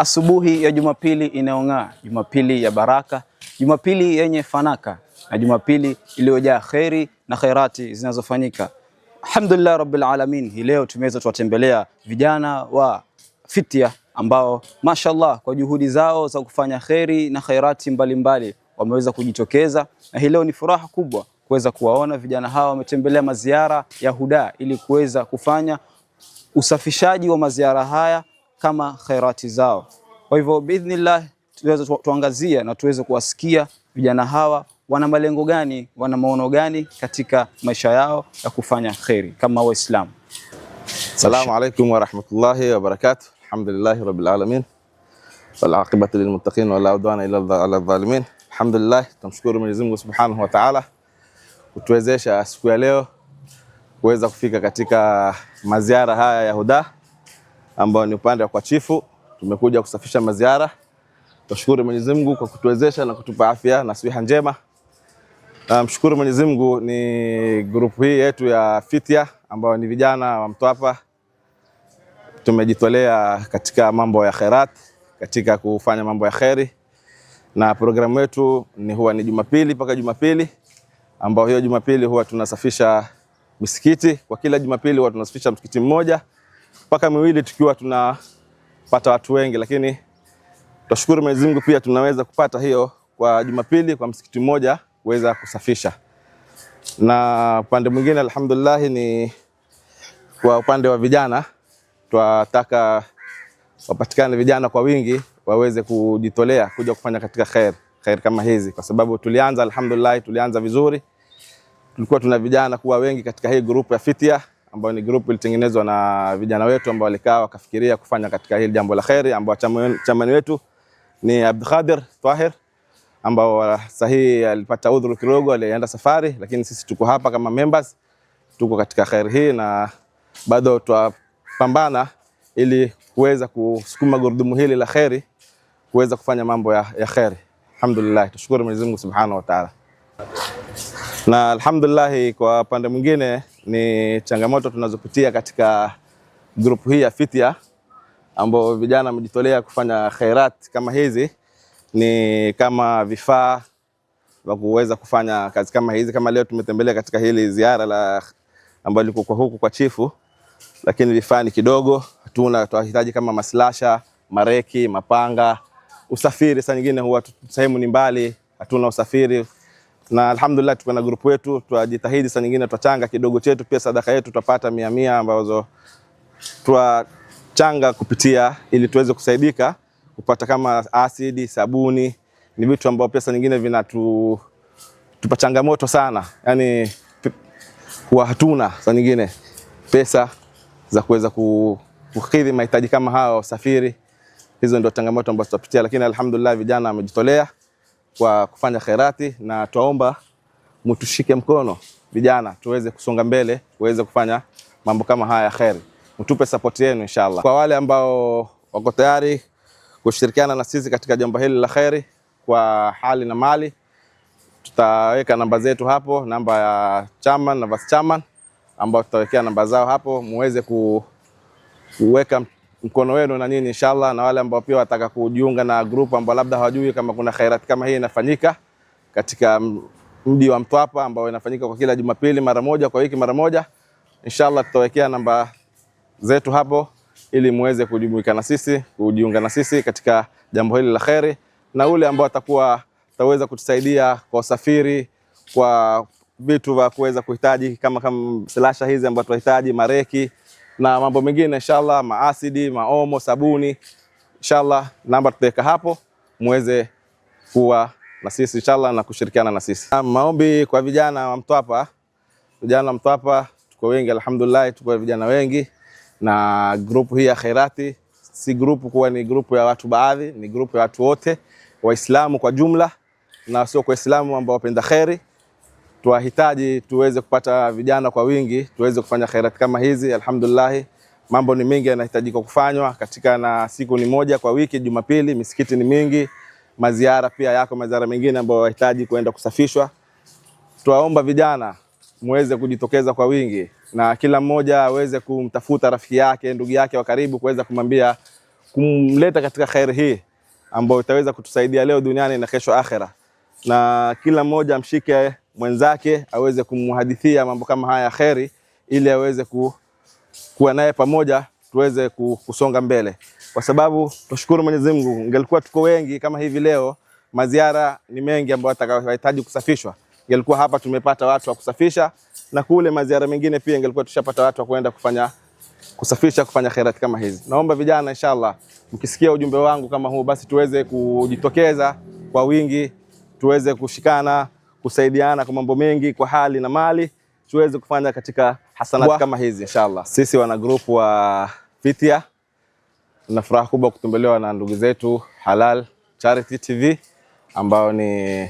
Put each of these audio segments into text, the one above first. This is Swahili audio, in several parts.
Asubuhi ya Jumapili inayong'aa, Jumapili ya baraka, Jumapili yenye fanaka na Jumapili iliyojaa kheri na khairati zinazofanyika. Alhamdulillah Rabbil Alamin. Hii leo tumeweza tuwatembelea vijana wa Fitia ambao mashallah kwa juhudi zao za kufanya kheri na khairati mbalimbali wameweza kujitokeza, na hii leo ni furaha kubwa kuweza kuwaona vijana hawa wametembelea maziara ya Huda ili kuweza kufanya usafishaji wa maziara haya kama khairati zao. Kwa hivyo biidhnillah, tuweze tuangazia na tuweze kuwasikia vijana hawa wana malengo gani, wana maono gani katika maisha yao ya kufanya kheri kama Waislamu. Assalamu rahmatullahi wa barakatuh. Alhamdulillahi rabbil alamin wal aqibatu lil muttaqin wala udwana illa ala zalimin. Alhamdulillah, tumshukuru Mwenyezi Mungu Subhanahu wa Ta'ala kutuwezesha siku ya leo kuweza kufika katika maziara haya ya Huda ambao ni upande kwa chifu. Tumekuja kusafisha maziara. Tunashukuru Mwenyezi Mungu kwa kutuwezesha na kutupa afya na siha njema. Namshukuru um, Mwenyezi Mungu ni grupu hii yetu ya Fitia ambao ni vijana wa Mtwapa. Tumejitolea katika mambo ya khairat, katika kufanya mambo ya kheri, na programu yetu ni huwa ni Jumapili mpaka Jumapili, ambao hiyo Jumapili huwa tunasafisha misikiti. Kwa kila Jumapili huwa tunasafisha msikiti mmoja mpaka miwili tukiwa tunapata watu wengi, lakini tunashukuru Mwenyezi Mungu pia tunaweza kupata hiyo kwa Jumapili kwa msikiti mmoja kuweza kusafisha, na upande mwingine alhamdulillah, ni kwa upande wa vijana twataka wapatikane vijana kwa wingi waweze kujitolea kuja kufanya katika khair khair kama hizi, kwa sababu tulianza alhamdulillah, tulianza vizuri, tulikuwa tuna vijana kuwa wengi katika hii grupu ya Fitia ambayo ni group ilitengenezwa na vijana wetu ambao walikaa wakafikiria kufanya katika hili jambo la kheri, ambao chamani wetu ni Abdulkadir Tahir ambao uh, sahihi alipata udhuru kidogo, alienda safari, lakini sisi tuko hapa kama members, tuko katika kheri hii na bado twapambana ili kuweza kusukuma gurudumu hili la kheri kuweza kufanya mambo ya, ya kheri. Alhamdulillah, tushukuru Mwenyezi Mungu Subhanahu wa Ta'ala, na alhamdulillah kwa pande mwingine ni changamoto tunazopitia katika grupu hii ya Fitia, ambao vijana wamejitolea kufanya khairat kama hizi, ni kama vifaa vya kuweza kufanya kazi kama hizi. Kama leo tumetembelea katika hili ziara la ambayo liko kwa huku kwa chifu, lakini vifaa ni kidogo, hatuna, tunahitaji kama maslasha, mareki, mapanga, usafiri. Saa nyingine huwa sehemu ni mbali, hatuna usafiri na alhamdulillah tuko na grupu yetu, twajitahidi saa nyingine twachanga kidogo chetu, pia sadaka yetu twapata mia mia ambazo twachanga kupitia ili tuweze kusaidika kupata kama asidi, sabuni. Ni vitu ambavyo pesa nyingine vinatu vinatupa changamoto sana, yani huwa hatuna saa nyingine pesa za kuweza kukidhi mahitaji kama hayo, usafiri. Hizo ndio changamoto ambazo tutapitia, lakini alhamdulillah vijana wamejitolea kwa kufanya khairati, na twaomba mtushike mkono vijana, tuweze kusonga mbele, tuweze kufanya mambo kama haya ya khairi. Mtupe support yenu inshallah. Kwa wale ambao wako tayari kushirikiana na sisi katika jambo hili la khairi kwa hali na mali, tutaweka namba zetu hapo, namba ya chairman na vice chairman ambao tutawekea namba zao hapo muweze ku, kuweka mkono wenu na nyinyi inshallah, na wale ambao pia wataka kujiunga na group ambao labda hawajui kama kuna khairati kama hii inafanyika katika mji wa Mtwapa ambao inafanyika kwa kila Jumapili mara moja kwa wiki mara moja, inshallah tutawekea namba zetu hapo ili muweze kujumuika na sisi, kujiunga na sisi katika jambo hili la khairi, na ule ambao atakuwa ataweza kutusaidia kwa usafiri, kwa vitu vya kuweza kuhitaji kama kama silasha hizi ambazo tunahitaji mareki na mambo mengine inshallah, maasidi, maomo, sabuni inshallah. Namba tutaweka hapo muweze kuwa na sisi inshallah na kushirikiana na sisi. Maombi kwa vijana wa Mtwapa. Vijana wa Mtwapa tuko wengi alhamdulillah, tuko vijana wengi na grupu hii ya Khairati si grupu kuwa ni grupu ya watu baadhi, ni grupu ya watu wote Waislamu kwa jumla na sio kwa Waislamu ambao wapenda kheri tuwahitaji tuweze kupata vijana kwa wingi, tuweze kufanya khairati kama hizi. Alhamdulillah, mambo ni mengi yanahitajika kufanywa katika, na siku ni moja kwa wiki, Jumapili misikiti ni mingi, maziara pia yako maziara mengine ambayo wahitaji kwenda kusafishwa. Tuwaomba vijana muweze kujitokeza kwa wingi, na kila mmoja aweze kumtafuta rafiki yake, ndugu yake wa karibu, kuweza kumwambia, kumleta katika khairi hii ambayo itaweza kutusaidia leo duniani na kesho akhera, na kila mmoja amshike mwenzake aweze kumhadithia mambo kama haya kheri, ili aweze ku, kuwa naye pamoja tuweze kusonga mbele, kwa sababu tushukuru Mwenyezi Mungu, ingelikuwa tuko wengi kama hivi leo, maziara ni mengi ambayo atakayohitaji kusafishwa. Ingelikuwa hapa tumepata watu wa kusafisha, na kule maziara mengine pia ingelikuwa tushapata watu wa kwenda kufanya kusafisha kufanya khairati kama hizi. Naomba vijana, inshallah, mkisikia ujumbe wangu kama huu, basi tuweze kujitokeza kwa wingi, tuweze kushikana kusaidiana kwa mambo mengi, kwa hali na mali, tuweze kufanya katika hasanati kama hizi inshallah. Sisi wana group wa Fitia na furaha kubwa kutembelewa na ndugu zetu Halal Charity TV ambayo ni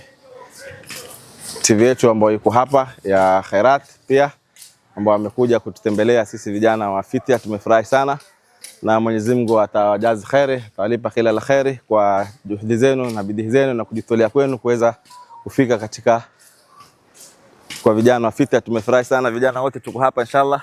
TV yetu ambayo iko hapa ya Khairat pia ambao wamekuja kututembelea sisi vijana wa Fitia. Tumefurahi sana na Mwenyezi Mungu atawajazi khairi, atawalipa kila la khairi kwa juhudi zenu na bidii zenu na kujitolea kwenu kuweza kufika katika kwa vijana wa Fitra. Tumefurahi sana vijana wote, tuko hapa inshallah,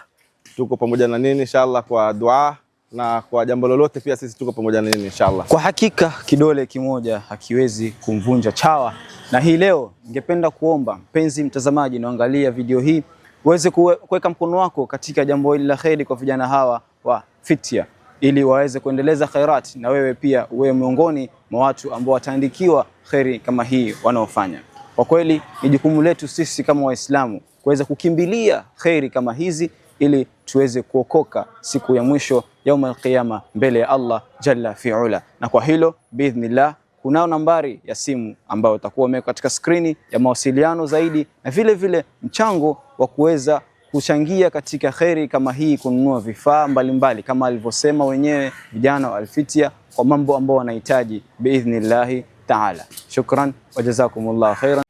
tuko pamoja na nini inshallah kwa dua na kwa jambo lolote pia sisi tuko pamoja nini inshallah. Kwa hakika kidole kimoja hakiwezi kumvunja chawa, na hii leo ningependa kuomba mpenzi mtazamaji naangalia video hii uweze kuweka mkono wako katika jambo hili la kheri kwa vijana hawa wa Fitya, ili waweze kuendeleza khairati na wewe pia uwe miongoni mwa watu ambao wataandikiwa kheri kama hii wanaofanya. Kwa kweli ni jukumu letu sisi kama Waislamu kuweza kukimbilia kheri kama hizi ili tuweze kuokoka siku ya mwisho yaumul qiyama mbele ya Allah jalla fiula. Na kwa hilo biidhnillah, kunao nambari ya simu ambayo itakuwa umeweka katika skrini ya mawasiliano zaidi, na vile vile mchango wa kuweza kuchangia katika kheri kama hii, kununua vifaa mbalimbali kama alivyosema wenyewe vijana wa Alfitia kwa mambo ambayo wanahitaji biidhnillahi taala. Shukran wa jazakumullah khairan.